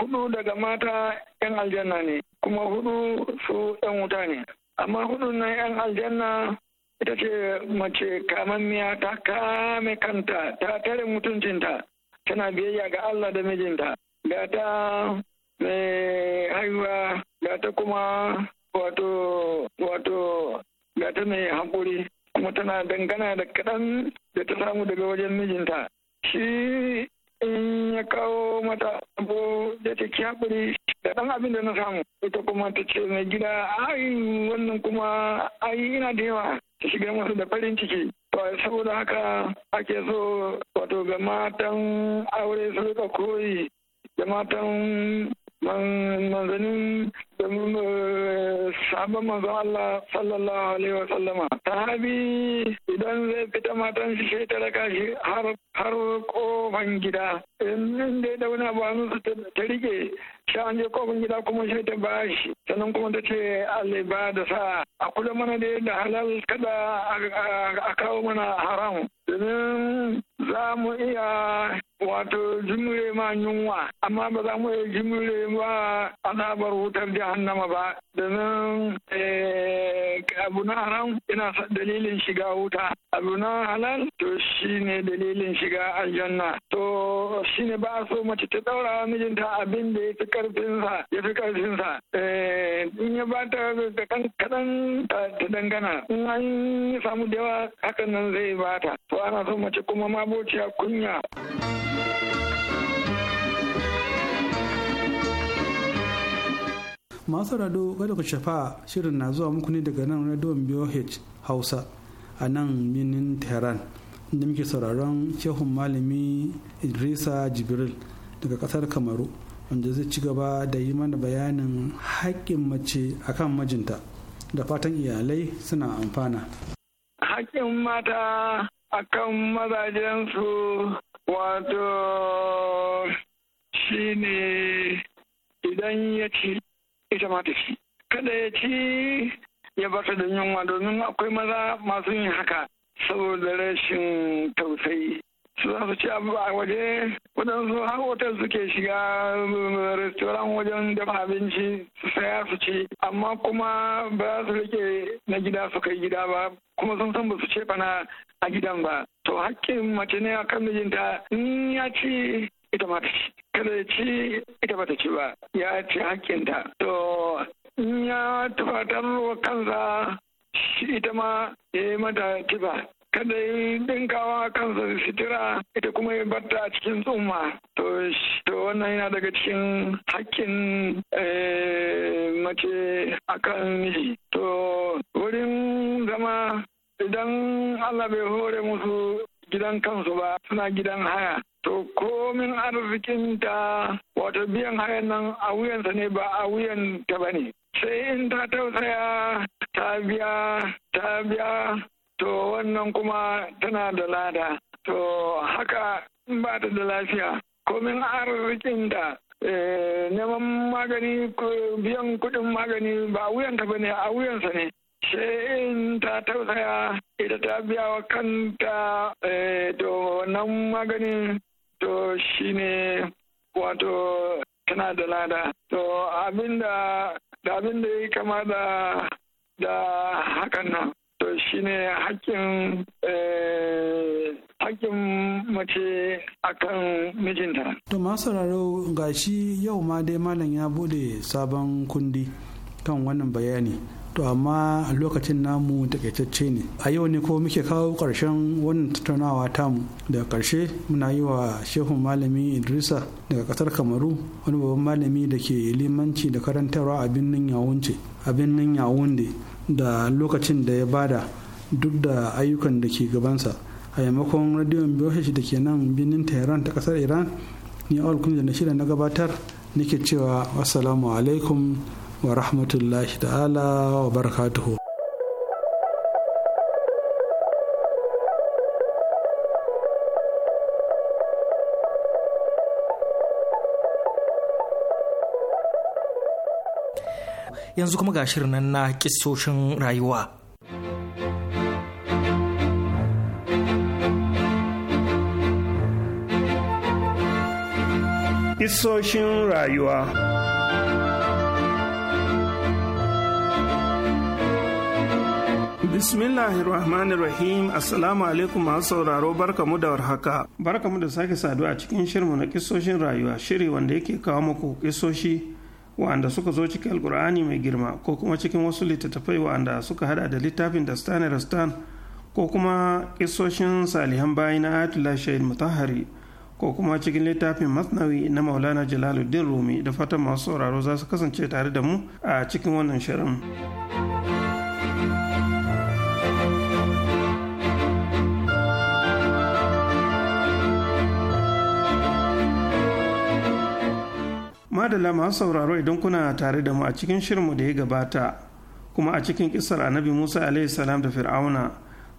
hudu daga mata yan aljanna ne kuma hudu su yan wuta ne amma hudu na yan aljanna ita ce mace kamammiya ta kame kanta ta tare mutuncinta tana biyayya ga Allah da mijinta ga ta mai eh, haihuwa ga ta kuma wato wato ga ta mai haƙuri kuma tana dangana da kaɗan da ta samu daga wajen mijinta shi in ya kawo mata abu da ta ki haƙuri da ɗan abin da na samu ita kuma ta ce mai gida ai wannan kuma ai ina da yawa ta shiga masu da farin ciki saboda haka ake so wato ga matan aure su rika koyi ga matan manzanin eh, sabon manzon Allah sallallahu alaihi wasallama sahabi idan zai fita matan shi sai ta raka shi har kofan gida in dai da wani abu ta rike sai an je kofin gida kuma sai ta bashi sannan kuma ta ce Allah ba da sa a kula mana da yadda halal kada a kawo mana haram domin za mu iya wato jimure ma yunwa amma ba za mu iya ba a azabar wutar jahannama ba domin eh, abu na haram ina dalilin shiga wuta abu na halal to shi ne dalilin shiga aljanna to shi ne ba so mace ta daura mijinta abin da ya fi karfinsa ya fi karfinsa eh, in ya ba ta da kan ta dangana in an samu da yawa hakan nan zai ba ta to ana son mace kuma ma mabociya kunya. masu rado kada ku shafa shirin na zuwa muku ne daga nan radon BOH Hausa a nan minin Tehran inda muke sauraron shehun malami Idrisa Jibril daga kasar Kamaru wanda zai ci gaba da yi mana bayanin haƙƙin mace akan majinta da fatan iyalai suna amfana. Haƙƙin mata akan mazajensu wato shi ne idan ya ci ita mata ci. Kada ya ci ya bata da yunwa domin akwai maza masu yin haka saboda rashin tausayi. su za su ci abu a waje waɗansu har otal suke shiga restoran wajen dafa abinci su saya su ci amma kuma ba za su rike na gida su kai gida ba kuma sun san ba su ce fana a gidan ba to hakkin mace ne akan mijinta in ya ci ita ma ta ci kada ya ci ita ba ta ci ba ya ci hakkinta to in ya tafatar wa kansa ita ma ya yi mata kiba kada yi dinkawa kansa sitira ita kuma ya barta a cikin tsumma to wannan yana daga cikin hakkin eh, mace akan miji to wurin zama idan allah bai hore musu gidan kansu ba suna gidan haya to komin ta wato biyan hayan nan a wuyansa ne ba a wuyanta ba ne sai in ta tausaya ta biya ta biya to wannan kuma tana da lada to haka in ba ta da lafiya komin arzikin da eh, neman magani biyan kudin magani ba a wuyanta ba ne a wuyansa ne sai in ta tausaya ita ta biya wa kanta eh, to wannan magani to shine wato tana da lada to abinda da abinda ya kama da hakan nan to shi hakkin eh, hakkin mace kan mijinta. To masu ga shi yau ma dai malam ya bude sabon kundi kan wannan bayani. To amma lokacin namu takaitacce ne. A yau ne ko muke kawo ƙarshen wannan tattaunawa tamu. da ƙarshe muna yi wa shehun malami Idrisa daga ƙasar Kamaru wani babban malami da ke limanci da karantarwa a birnin Yawunce. A birnin Yawunde. da lokacin da ya bada duk da ayyukan da ke gabansa a yammakon radiyon biyoshi da ke nan birnin tehran ta kasar iran ni awal da na na gabatar nake cewa assalamu alaikum wa rahmatullahi ta'ala wa barakatuhu yanzu kuma ga shirin nan na kisoshin rayuwa. Kisoshin rayuwa Rahim Assalamu alaikum masu sauraro barkamu da warhaka. Barkamu da sake saduwa a cikin shirmu na kisoshin rayuwa shiri wanda yake kawo muku kisoshi wa'anda suka zo cikin alkur'ani mai girma ko kuma cikin wasu littattafai wa'anda suka hada da littafin da stan rastan ko kuma kisoshin salihan bayi na ayatollah shahid mutahari ko kuma cikin littafin masnawi na maulana jalaluddin rumi da fatan masu sauraro za su kasance tare da mu a cikin wannan shirin. madalla masu sauraro idan kuna tare da mu a cikin shirinmu da ya gabata kuma a cikin kisar annabi musa salam da fir'auna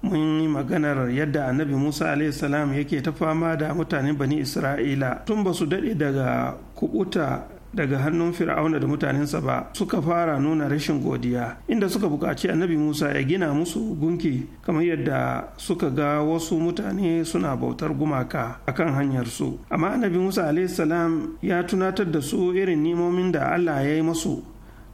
mun yi maganar yadda annabi musa salam yake ta fama da mutanen bani isra'ila tun ba su daɗe daga kubuta daga hannun fir'auna da mutanensa ba suka fara nuna rashin godiya inda suka buƙaci annabi musa ya gina musu gunki kamar yadda suka ga wasu mutane suna bautar gumaka a kan hanyarsu amma annabi musa salam ya tunatar da su irin nimomin da allah ya yi masu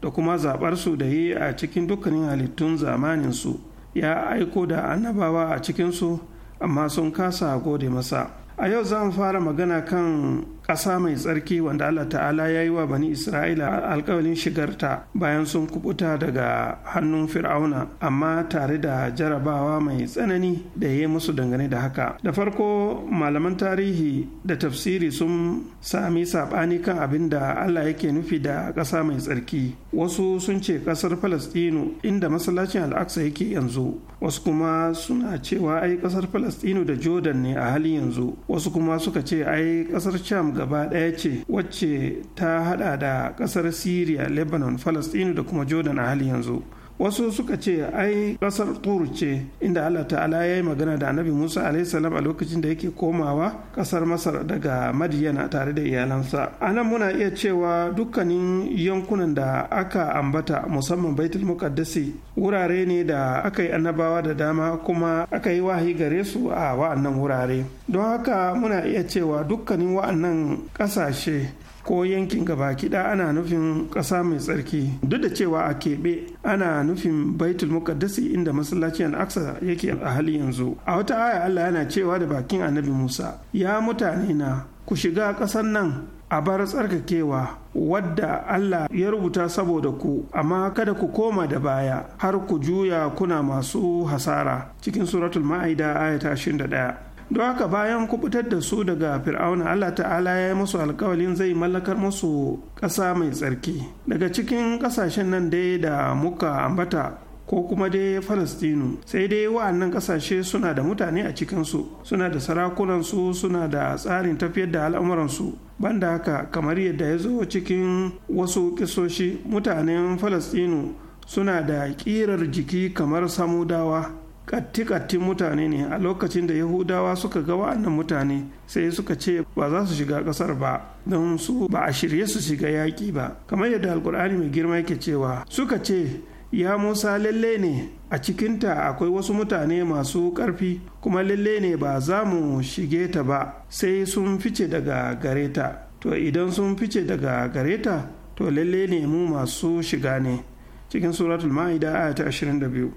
da kuma zaɓarsu da yi a cikin dukkanin halittun zamaninsu ya aiko da annabawa a cikinsu amma sun kasa gode masa a yau za mu fara magana kan ƙasa mai tsarki wanda Allah ta'ala ya yi wa bani Isra'ila alkawalin shigarta bayan sun kubuta daga hannun Fir'auna amma tare da jarabawa mai tsanani da ya yi musu dangane da haka. Da farko malaman tarihi da tafsiri sun sami saɓani kan abin da Allah yake nufi da ƙasa mai tsarki. Wasu sun ce ƙasar Falastinu inda masallacin Al'aqsa yake yanzu. Wasu kuma suna cewa ai ƙasar Falastinu da Jordan ne a halin yanzu. Wasu kuma suka ce ai ƙasar Sham gaba ɗaya ce wacce ta hada da ƙasar syria lebanon palestine da kuma jordan a hali yanzu wasu suka ce ai kasar tur ce inda allah ta'ala ya yi magana da annabi musa alaihissalam a lokacin da yake komawa kasar masar daga madiyana tare da iyalansa a nan muna iya cewa dukkanin yankunan da aka ambata musamman baitul muqaddasi wurare ne da aka yi annabawa da dama kuma aka yi wahayi gare su a wa'annan wurare don haka muna iya cewa dukkanin wa'annan kasashe ko yankin gaba kiɗa ana nufin ƙasa mai tsarki duk da cewa a keɓe ana nufin baitul muqaddasi inda masallacin aksa yake a hali yanzu a wata aya Allah yana cewa da bakin annabi Musa ya mutane na ku shiga ƙasar nan a bar tsarkakewa wadda Allah ya rubuta saboda ku amma kada ku koma da baya har ku juya kuna masu hasara cikin suratul ma'aida ayata 21 don haka bayan kubutar da su daga fir'auna allah ta'ala ya yi musu alkawalin zai mallakar musu ƙasa mai tsarki daga cikin ƙasashen nan dai da muka ambata ko kuma dai falastinu sai dai wa'annan ƙasashe suna da mutane a cikinsu suna da sarakunansu suna da tsarin tafiyar da al'amuransu banda haka kamar yadda ya zo cikin wasu kisoshi mutanen falastinu suna da ƙirar jiki kamar samudawa katti-kattin mutane ne a lokacin da yahudawa suka ga wa'annan mutane sai suka ce ba za su shiga ƙasar ba don su ba a shirye su shiga yaƙi ba kamar yadda alkur'ani mai girma yake cewa suka ce ya musa lalle ne a cikinta akwai wasu mutane masu ƙarfi kuma lalle ne ba za mu shige ta ba sai sun fice daga gare ta to idan sun fice daga gare ta to lalle ne mu masu shiga ne cikin suratul ma'ida aya da 22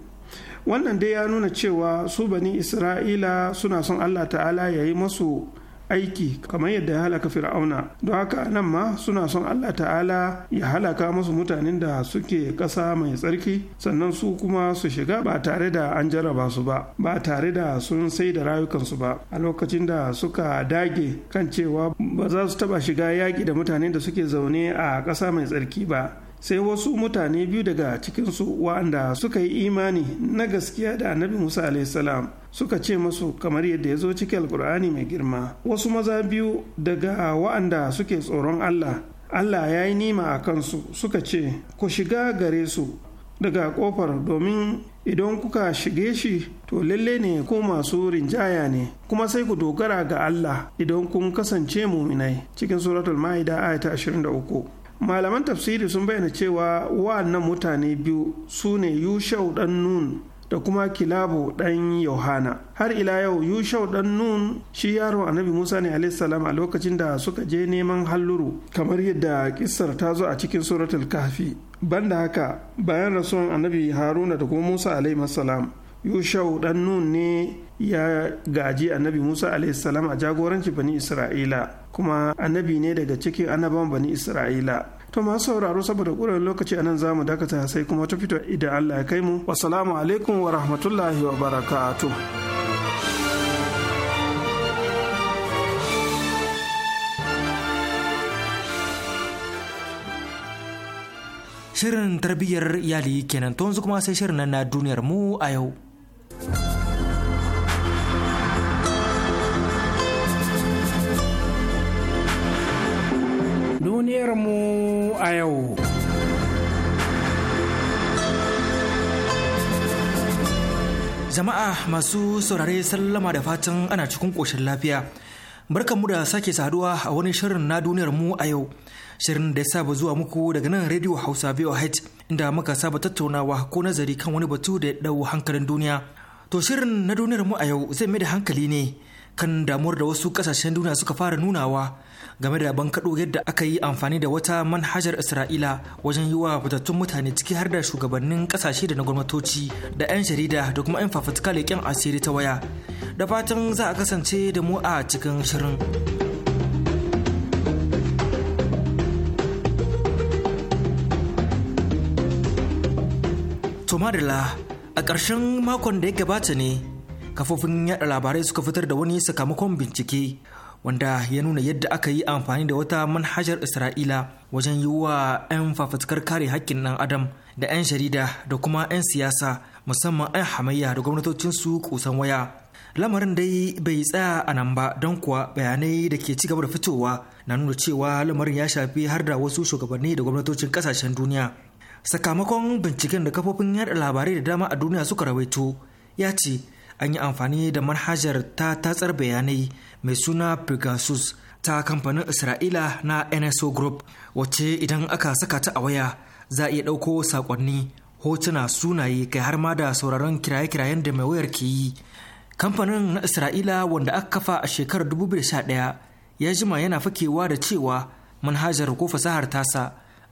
wannan dai ya nuna cewa su bani isra'ila suna son allah ta'ala ya yi masu aiki kamar yadda ya halaka fir'auna don haka nan ma suna son allah ta'ala ya halaka masu mutanen da suke ƙasa mai tsarki sannan su kuma su shiga ba tare da an jarraba su ba ba tare da sun sai da rayukansu ba a lokacin da suka dage kan cewa ba za su taba shiga yaƙi da mutanen da suke zaune a ƙasa mai tsarki ba sai wasu mutane biyu daga cikinsu wa'anda suka yi imani na gaskiya da annabi musa salam suka ce masu kamar yadda ya zo cikin alkur'ani mai girma wasu maza biyu daga wa'anda suke tsoron allah allah ya yi nima a kansu suka ce ku shiga gare su daga kofar domin idan kuka shige shi to lalle ne ko masu rinjaya ne kuma sai ku dogara ga Allah idan kun kasance muminai cikin suratul ma'ida ayata 23 malaman tafsiri sun bayyana cewa wa'annan mutane biyu su ne yushau dan nun da kuma Kilabu dan yohana har ila yau yushau dan nun shi yaro annabi musa ne a lokacin da suka je neman halluru kamar yadda kissar ta zo a cikin suratul kafi. banda haka bayan rasuwan annabi haruna da kuma musa alaihissalam yushau dan nun ne ya gaji annabi musa alaihissalam a jagoranci bani isra'ila kuma annabi ne daga cikin annaban bani isra'ila to masu sauraro saboda ƙuran lokaci a nan mu dakata sai kuma ta fito idan allah ya kai mu wasalamu alaikum wa rahmatullahi wa barakatu. Shirin tarbiyyar iyali kenan to yanzu kuma sai shirin na duniyar mu a yau. duniyarmu a yau. Jama'a masu saurare sallama da fatan ana cikin ƙoshin lafiya. barkan mu da sake saduwa a wani shirin na duniyar mu a yau. Shirin da ya saba zuwa muku daga nan rediyo Hausa VOH inda muka saba tattaunawa ko nazari kan wani batu da ya ɗau hankalin duniya. To shirin na duniyar mu a yau zai mai da hankali ne kan damuwar da wasu ƙasashen duniya suka fara nunawa game da bankaɗo yadda aka yi amfani da wata manhajar isra'ila wajen yi wa fitattun mutane ciki har da shugabannin ƙasashe da na gwamnatoci da 'yan jarida da kuma 'yan fafutuka leƙen asiri ta waya da fatan za a kasance da mu a cikin shirin. tomadala a ƙarshen makon da ya gabata ne kafofin yada labarai suka fitar da wani sakamakon bincike wanda ya nuna yadda aka yi amfani da wata manhajar isra'ila wajen yi wa 'yan fafatkar kare hakkin ɗan adam da 'yan jarida da kuma 'yan siyasa musamman 'yan hamayya da gwamnatocinsu kusan waya lamarin dai bai tsaya a nan ba don kuwa bayanai da ke ci gaba da fitowa na nuna cewa lamarin ya shafi har da wasu shugabanni da gwamnatocin kasashen duniya sakamakon binciken da kafofin yada labarai da dama a duniya suka rawaito ya ce an yi amfani da manhajar ta tatsar bayanai mai suna pegasus ta kamfanin isra'ila na nso group wacce idan aka saka ta a waya za a iya ɗauko sakonni hotuna sunaye kai har ma da sauraron kiraye-kirayen da mai wayar ke yi kamfanin na isra'ila wanda aka kafa a shekarar 2011 ya jima yana fakewa da cewa manhajar ko fasahar tasa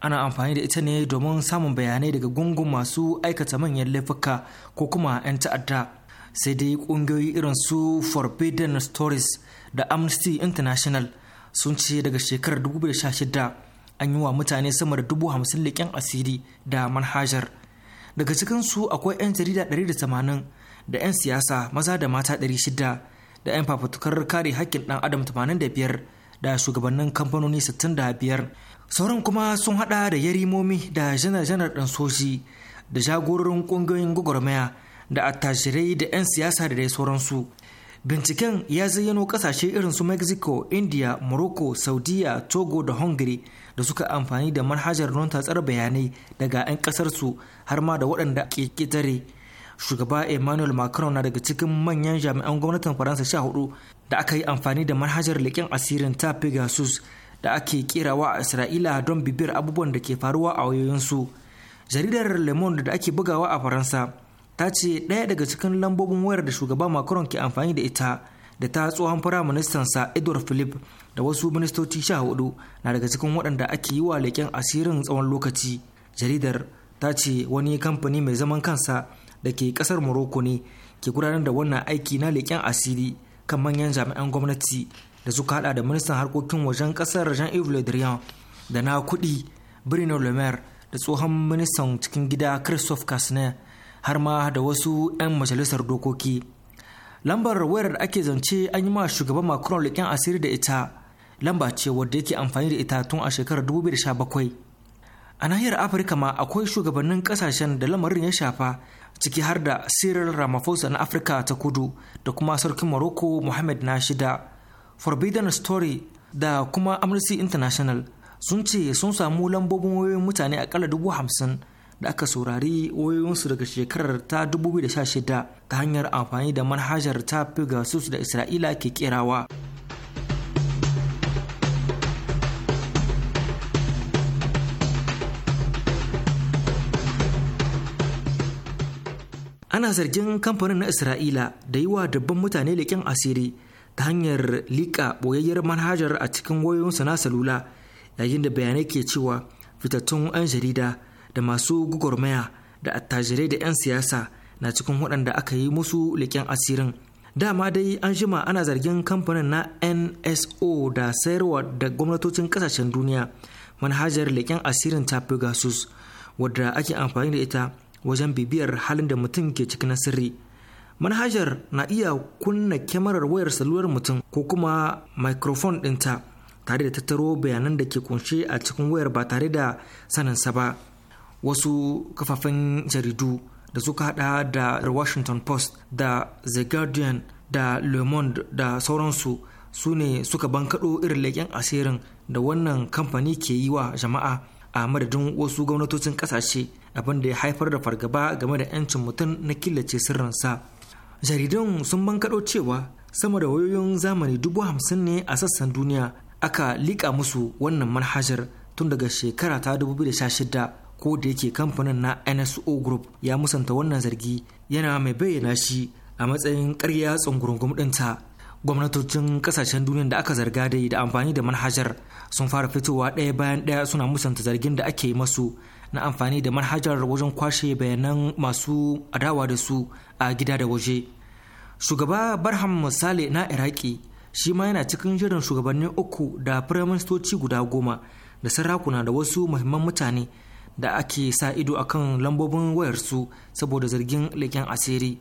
ana amfani da ita ne domin samun bayanai daga gungun masu aikata manyan laifuka ko kuma 'yan ta'adda sai dai kungiyoyi irin su forbidden stories da amnesty international sun ce daga shekarar 2016 an yi wa mutane sama da dubu hamsin leƙen asiri da manhajar daga cikinsu akwai 'yan jarida 180 da 'yan siyasa maza da mata 600 da 'yan fafutukar kare haƙƙin ɗan adam 85 da shugabannin kamfanoni 65 sauran kuma sun hada da yarimomi da janar-janar ɗan soji da jagororin ƙungiyoyin gwagwarmaya da attajirai da 'yan siyasa da dai sauransu binciken ya zayyano kasashe irin su mexico india morocco saudiya togo da hungary da suka amfani da manhajar non tatsar bayanai daga 'yan kasarsu har ma da waɗanda ke ƙetare shugaba emmanuel macron na daga cikin manyan jami'an gwamnatin faransa sha hudu da aka yi amfani da manhajar leƙen asirin ta pegasus da ake kerawa a isra'ila don bibiyar abubuwan da ke faruwa a wayoyinsu jaridar le da ake bugawa a faransa ta ce ɗaya daga cikin lambobin wayar da shugaba macron ke amfani da ita da ta tsohon sa edward philip da wasu ministoci sha hudu na daga cikin waɗanda ake yi wa leƙen asirin tsawon lokaci jaridar ta ce wani kamfani mai zaman kansa da ke ƙasar morocco ne ke gudanar da wannan aiki na leƙen asiri kan manyan jami'an gwamnati da suka hada da ministan harkokin wajen ƙasar jean-yves le drian da na kuɗi bruno le maire da tsohon ministan cikin gida christophe casner har ma da wasu 'yan majalisar dokoki lambar wayar da ake zance an yi ma shugaban macron leƙen asiri da ita lamba ce wadda yake amfani da ita tun a shekarar 2017 a nahiyar afirka ma akwai shugabannin kasashen da lamarin ya shafa ciki har da cyril ramaphosa na afirka ta kudu da kuma sarkin morocco mohamed na shida forbidden story da kuma amnesty international sun ce sun samu lambobin wayoyin mutane akalla dubu hamsin da aka saurari wayoyinsu daga shekarar ta 2016 ta hanyar amfani da manhajar ta Pegasus da Isra'ila ke kerawa. Ana zargin kamfanin na Isra'ila da yi wa dabban mutane leƙen asiri ta hanyar liƙa ɓoyayyar manhajar a cikin wayoyinsu na salula yayin da bayanai ke cewa fitattun 'yan jarida da masu gugurmaya da attajirai da 'yan siyasa na cikin waɗanda aka yi musu leƙen asirin dama dai an jima ana zargin kamfanin na nso da sayarwa da gwamnatocin ƙasashen duniya manhajar leƙen asirin ta pegasus wadda ake amfani da ita wajen bibiyar halin da mutum ke cikin sirri manhajar na iya kunna kyamarar wayar salular mutum ko kuma microphone ɗinta tare da tattaro bayanan da ke kunshe a cikin wayar ba tare da saninsa ba wasu kafafen jaridu da suka hada da washington post da the guardian da le monde da sauransu su ne suka bankaɗo irin leƙen asirin da wannan kamfani ke yi wa jama'a a madadin wasu gwamnatocin ƙasashe abinda ya haifar da fargaba game da 'yancin mutum na killace sirrinsa jaridun sun bankaɗo cewa sama da wayoyin zamani dubu hamsin ne a sassan duniya aka liƙa musu wannan manhajar tun daga shekara ta 2016 ko da yake kamfanin na nso group ya musanta wannan zargi yana mai bayyana shi a matsayin karya tsungurungum ɗinta gwamnatocin kasashen duniya da aka zarga dai da amfani da manhajar sun fara fitowa ɗaya bayan ɗaya suna musanta zargin da ake yi masu na amfani da manhajar wajen kwashe bayanan masu adawa da su a gida da waje shugaba barham misali na iraki shi ma yana cikin shirin shugabannin uku da firaministoci guda goma da sarakuna da wasu muhimman mutane da ake sa ido a kan lambobin wayarsu saboda zargin leken asiri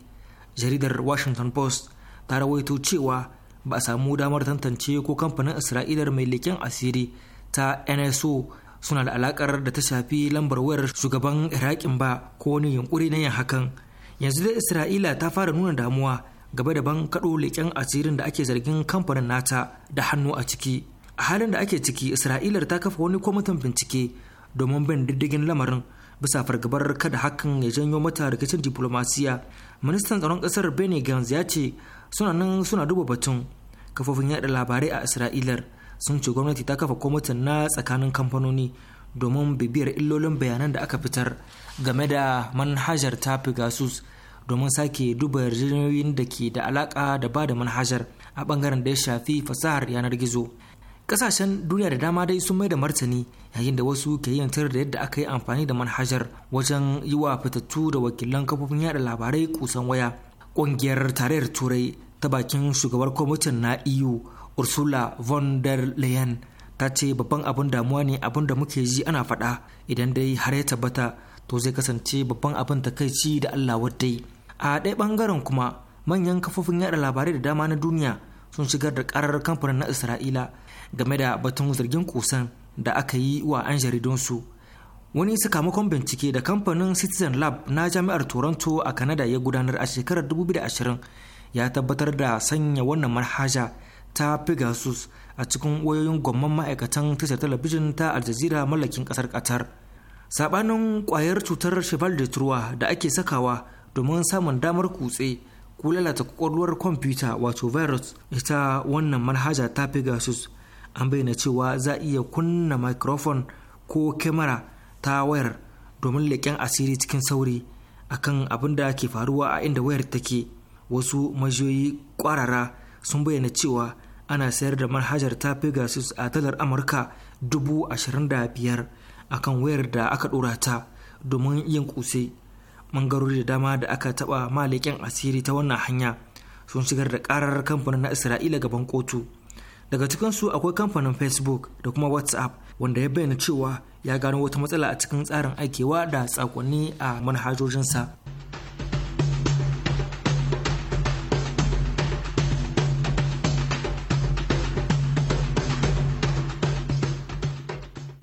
jaridar washington post ta rawaito cewa ba a samu damar tantance ko kamfanin isra'ilar mai leken asiri ta nso suna da alakar da ta shafi lambar wayar shugaban iraƙin ba ko wani yunkuri na yin hakan yanzu dai isra'ila ta fara nuna damuwa gaba da ban kaɗo leƙen asirin da ake zargin kamfanin nata da hannu a ciki a halin da ake ciki isra'ilar ta kafa wani kwamitin bincike domin bin diddigin lamarin bisa fargabar kada hakan ya janyo mata rikicin diplomasiya ministan tsaron kasar benny gantz ya ce suna nan suna duba batun kafofin yada labarai a isra'ilar sun ce gwamnati ta kafa kwamitin na tsakanin kamfanoni domin bibiyar illolin bayanan da aka fitar game da manhajar ta pegasus domin sake duba yarjejeniyoyin da ke da alaka da ba da manhajar a bangaren da ya shafi fasahar yanar gizo kasashen duniya da dama dai sun mai da martani yayin da wasu ke yantar da yadda aka yi amfani da manhajar wajen yi wa fitattu da wakilan kafofin yada labarai kusan waya ƙungiyar tarayyar turai ta bakin shugabar kwamitin na eu ursula von der leyen ta ce babban abin damuwa ne abin da muke ji ana faɗa idan dai har ya tabbata to zai kasance babban abin takaici da allah waddai a ɗaya ɓangaren kuma manyan kafofin yada labarai da dama na duniya sun shigar da ƙarar kamfanin na isra'ila game da batun zargin kusan da aka yi wa 'yan jaridunsu wani sakamakon bincike da kamfanin citizen lab na jami'ar toronto a canada ya gudanar a shekarar 2020 ya tabbatar da sanya wannan manhaja ta pegasus a cikin wayoyin gwamman ma'aikatan tashar talabijin ta aljazira mallakin kasar qatar sabanin kwayar cutar cheval de troyes da ake sakawa domin samun damar kutse ko lalata kwakwalwar kwamfuta wato virus ita wannan manhaja ta pegasus an bayyana cewa za a iya kunna microphone ko kyamara ta wayar domin leƙen asiri cikin sauri akan abin da ke faruwa a inda wayar take wasu majiyoyi ƙwarara sun bayyana cewa ana sayar da manhajar ta pegasus a dalar amurka dubu ashirin da biyar akan wayar da aka ɗora ta domin yin ƙuse mangarori da dama da aka taɓa ma leƙen asiri ta wannan hanya sun shigar da ƙarar kamfanin na isra'ila gaban kotu daga cikinsu akwai kamfanin facebook da kuma whatsapp wanda ya bayyana cewa ya gano wata matsala a cikin tsarin aikewa da tsakonni a manhajojinsa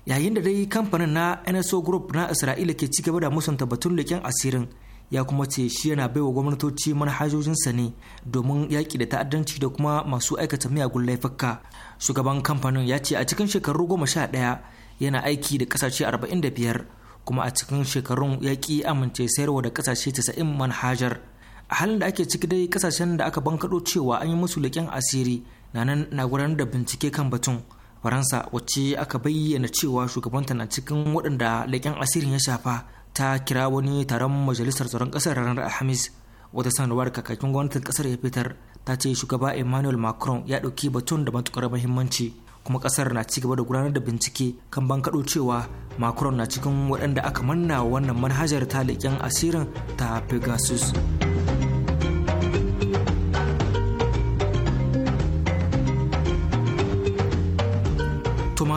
yayin da dai kamfanin na nso group na isra'ila ke cigaba da musunta batun leken asirin ya kuma ce shi yana baiwa gwamnatoci manhajojinsa ne domin yaƙi da ta'addanci da kuma masu aikata miyagun laifuka shugaban kamfanin ya ce a cikin shekaru goma sha ɗaya yana aiki da ƙasashe arba'in da biyar kuma a cikin shekarun ya ƙi amince sayarwa da ƙasashe casa'in manhajar a halin da ake ciki dai ƙasashen da aka bankaɗo cewa an yi musu leƙen asiri na nan na gudanar da bincike kan batun faransa wacce aka bayyana cewa shugabanta na cikin waɗanda leƙen asirin ya shafa ta kira wani taron majalisar tsaron kasar ranar alhamis wata sanarwar kakakin gwamnatin kasar ya fitar ta ce shugaba emmanuel macron ya ɗauki batun da matukar mahimmanci kuma kasar na ci gaba da gudanar da bincike kan bankaɗo cewa macron na cikin waɗanda aka manna wannan manhajar ta leƙen asirin ta pegasus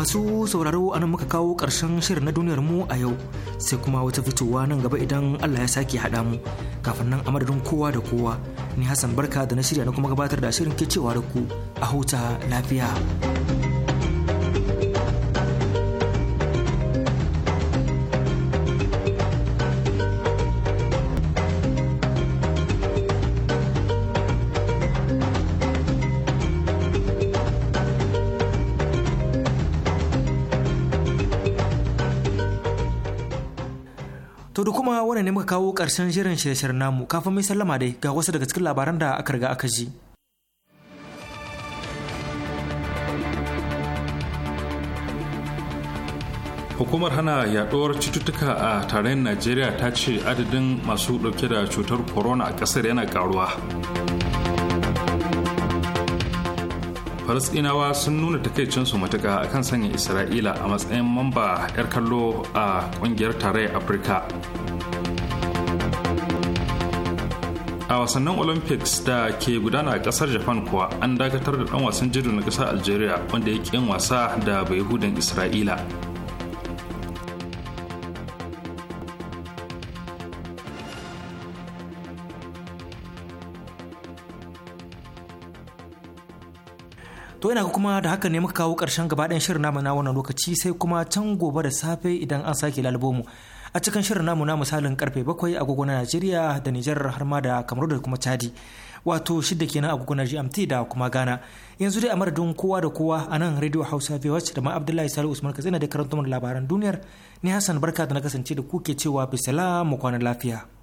masu sauraro a nan muka kawo ƙarshen shirin na duniyar mu a yau sai kuma wata fitowa nan gaba idan Allah ya sake haɗa mu kafin nan a madadin kowa da kowa ni Hassan barka da na shirya na kuma gabatar da shirin ke cewa da ku a huta lafiya. kuma wani ne muka kawo ƙarshen shirin shirye namu kafin mai sallama dai ga wasu daga cikin labaran da aka riga aka ji. hukumar hana yaduwar cututtuka a tarayyar najeriya ta ce adadin masu dauke da cutar corona a ƙasar yana karuwa falasɗinawa sun nuna takaicinsu matuka kan sanya isra'ila a matsayin mamba 'yar kallo a ƙungiyar tarayyar afirka a wasannin olympics da ke gudana a ƙasar japan kuwa an dakatar da ɗan wasan jirgin na ƙasar algeria wanda ya ƙin wasa da bai isra'ila to yana kuma da haka ne muka kawo karshen gabaɗayan shirin namu na wannan lokaci sai kuma can gobe da safe idan an sake lalbomu a cikin shirin namu na misalin karfe bakwai agogo na Najeriya da Nijar har ma da Kamaru da kuma Chadi wato shidda kenan agogo na GMT da kuma Ghana yanzu dai a madadin kowa da kowa a nan Radio Hausa VOH da ma Abdullahi salu Usman kazina da karantar labaran duniyar ni Hassan barka da na kasance da kuke ke cewa bisala mu kwana lafiya